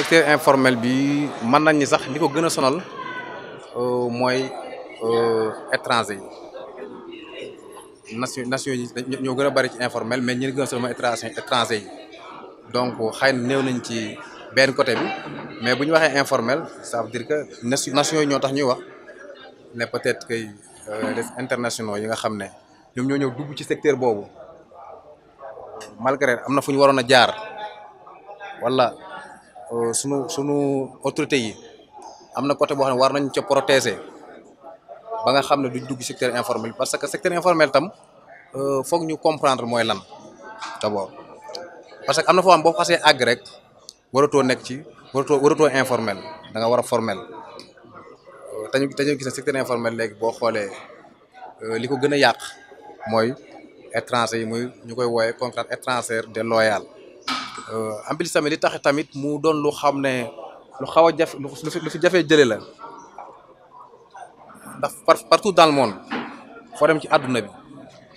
secteur informel bi man nañ ni sax li ko gën a sonal euh, mooy euh, étranger yi nation nation yi ñoo gën bari ci informel mais ñi gën a sonal mooy étranger yi donc xëy na néew nañ ci benn côté bi mais bu ñu waxee informel ça veut dire que nation yi ñoo tax ñuy wax ne peut-être que euh, les internationaux yi nga xam ne ñoom ñoo ñëw dugg ci secteur boobu malgré am na fu ñu waroon a jaar wala Euh, sunu sunu autorité yi am na côté boo xam ne war nañ ca protéger ba nga xam ne duñ dugg secteur informel parce que secteur informel tam euh, foog ñu comprendre mooy lan d'abord parce que am na foo xam boo xasee àgg rek waratoo nekk ci waratoo waratoo informel da nga war a formel euh, te ñu te gis ne secteur informel léegi boo xoolee li ko gën a yàq mooy étranger yi muy ñu koy wooyee contrat de déloyal Euh, en plus tamit li tax tamit mu doon lu xam ne lu xaw a jafe lu fi jafee jëlee la ndax partout dans le monde foo dem ci àdduna bi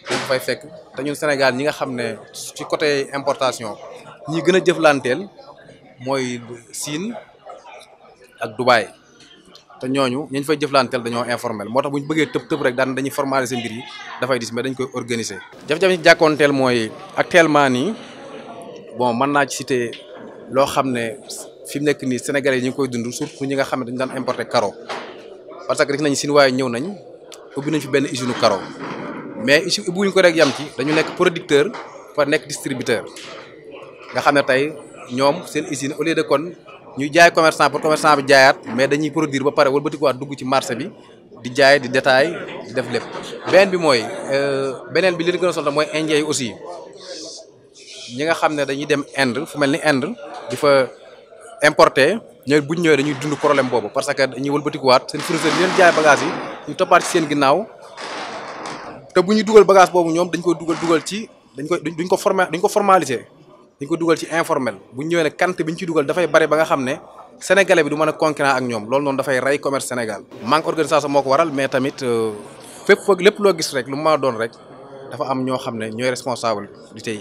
dañ fay fekk te ñun Sénégal ñi nga xam ne ci côté importation ñi gën a jëflanteel mooy Chine ak Dubaï te ñooñu ñañ fay jëflanteel dañoo informel moo tax bu ñu bëggee tëb tëb rek daan dañuy formaliser mbir yi dafay dis mais dañ koy organiser. jafe-jafe ci jàkkoonteel mooy actuellement nii. bon mën naa ci citer loo xam ne fi mu nekk nii Sénégalais yi ñu ngi koy dund surtout ñi nga xam ne dañu daan importer karo parce que gis nañ Chine waaye ñëw nañ ubbi nañ fi benn usine karo mais usine ubbiwuñ ko rek yam dañu nekk producteur fa nekk distributeur nga xam ne tey ñoom seen usine au lieu de kon ñu jaay commerçant pour commerçant bi jaayaat mais dañuy produire ba pare wëlbatikuwaat dugg ci marché bi di jaay di détail di def lépp beneen bi mooy euh, beneen bi li ñu gën a sonal mooy indien aussi ñi nga xam ne dañuy dem Inde fu mel ni Inde di fa importer ñooy buñ ñëwee dañuy dund problème boobu parce que dañuy wëlbatikuwaat seen fournisseur leen jaay bagage yi ñu toppaat ci seen ginnaaw te bu ñu dugal bagage boobu ñoom dañ ko dugal dugal ci dañ ko duñ ko formé dañ ko formalisé dañ ko dugal ci informel bu ñëwee ne quantité bi ñu ci dugal dafay bari ba nga xam ne sénégalais bi du mën a ak ñoom loolu noonu dafay rey commerce Sénégal manque organisation moo ko waral mais tamit euh, fépp foog lépp loo gis rek lu ma doon rek dafa am ñoo xam ne ñooy responsable di tey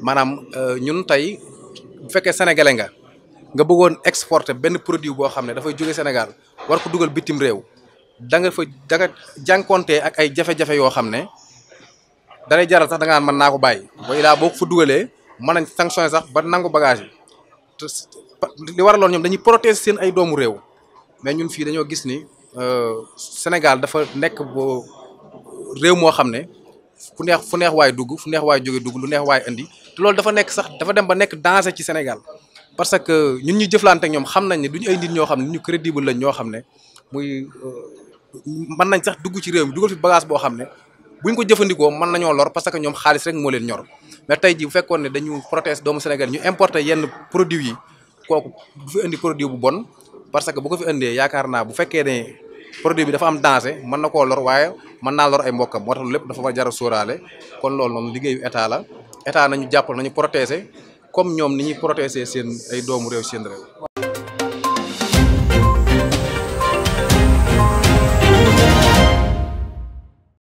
maanaam euh, ñun tey bu fekkee sénégalais nga nga bëggoon exporter benn produit boo xam ne dafay jóge Sénégal war ko dugal bitim réew da nga fa da nga ak ay jafe-jafe yoo xam ne dalay jaral sax da nga mën naa ko bàyyi. ba ilaa boo ko fa dugalee mën nañ sanctionné sax ba nangu bagage yi te li waraloon ñoom dañuy protéger seen ay doomu réew mais ñun fii dañoo gis ni euh, Sénégal dafa nekk bo réew moo xam ne. fu neex fu neex waay dugg fu neex waay jóge dugg lu neex waay indi te loolu dafa nekk sax dafa dem ba nekk danger ci Sénégal parce que ñun ñu jëflante ñoom xam nañ ne du ay nit ñoo xam ne ñu crédible lañ ñoo xam ne muy euh, mën nañ sax dugg ci réew mi dugal fi bagage boo xam ne buñ ko jëfandikoo mën nañoo lor parce que ñoom xaalis rek moo leen ñor mais tey ji bu fekkoon ne dañu protège doomu Sénégal ñu importer yenn produits yi kooku du fi indi produit bu bon parce que bu ko fi indee yaakaar naa bu fekkee ne produit bi dafa am danger mën na koo lor waaye mën naa lor ay mbokkam moo tax lépp dafa war a jar a kon loolu noonu liggéeyu état la état nañu jàppal nañu protéger comme ñoom ni ñuy protéger seen ay doomu réew seen réew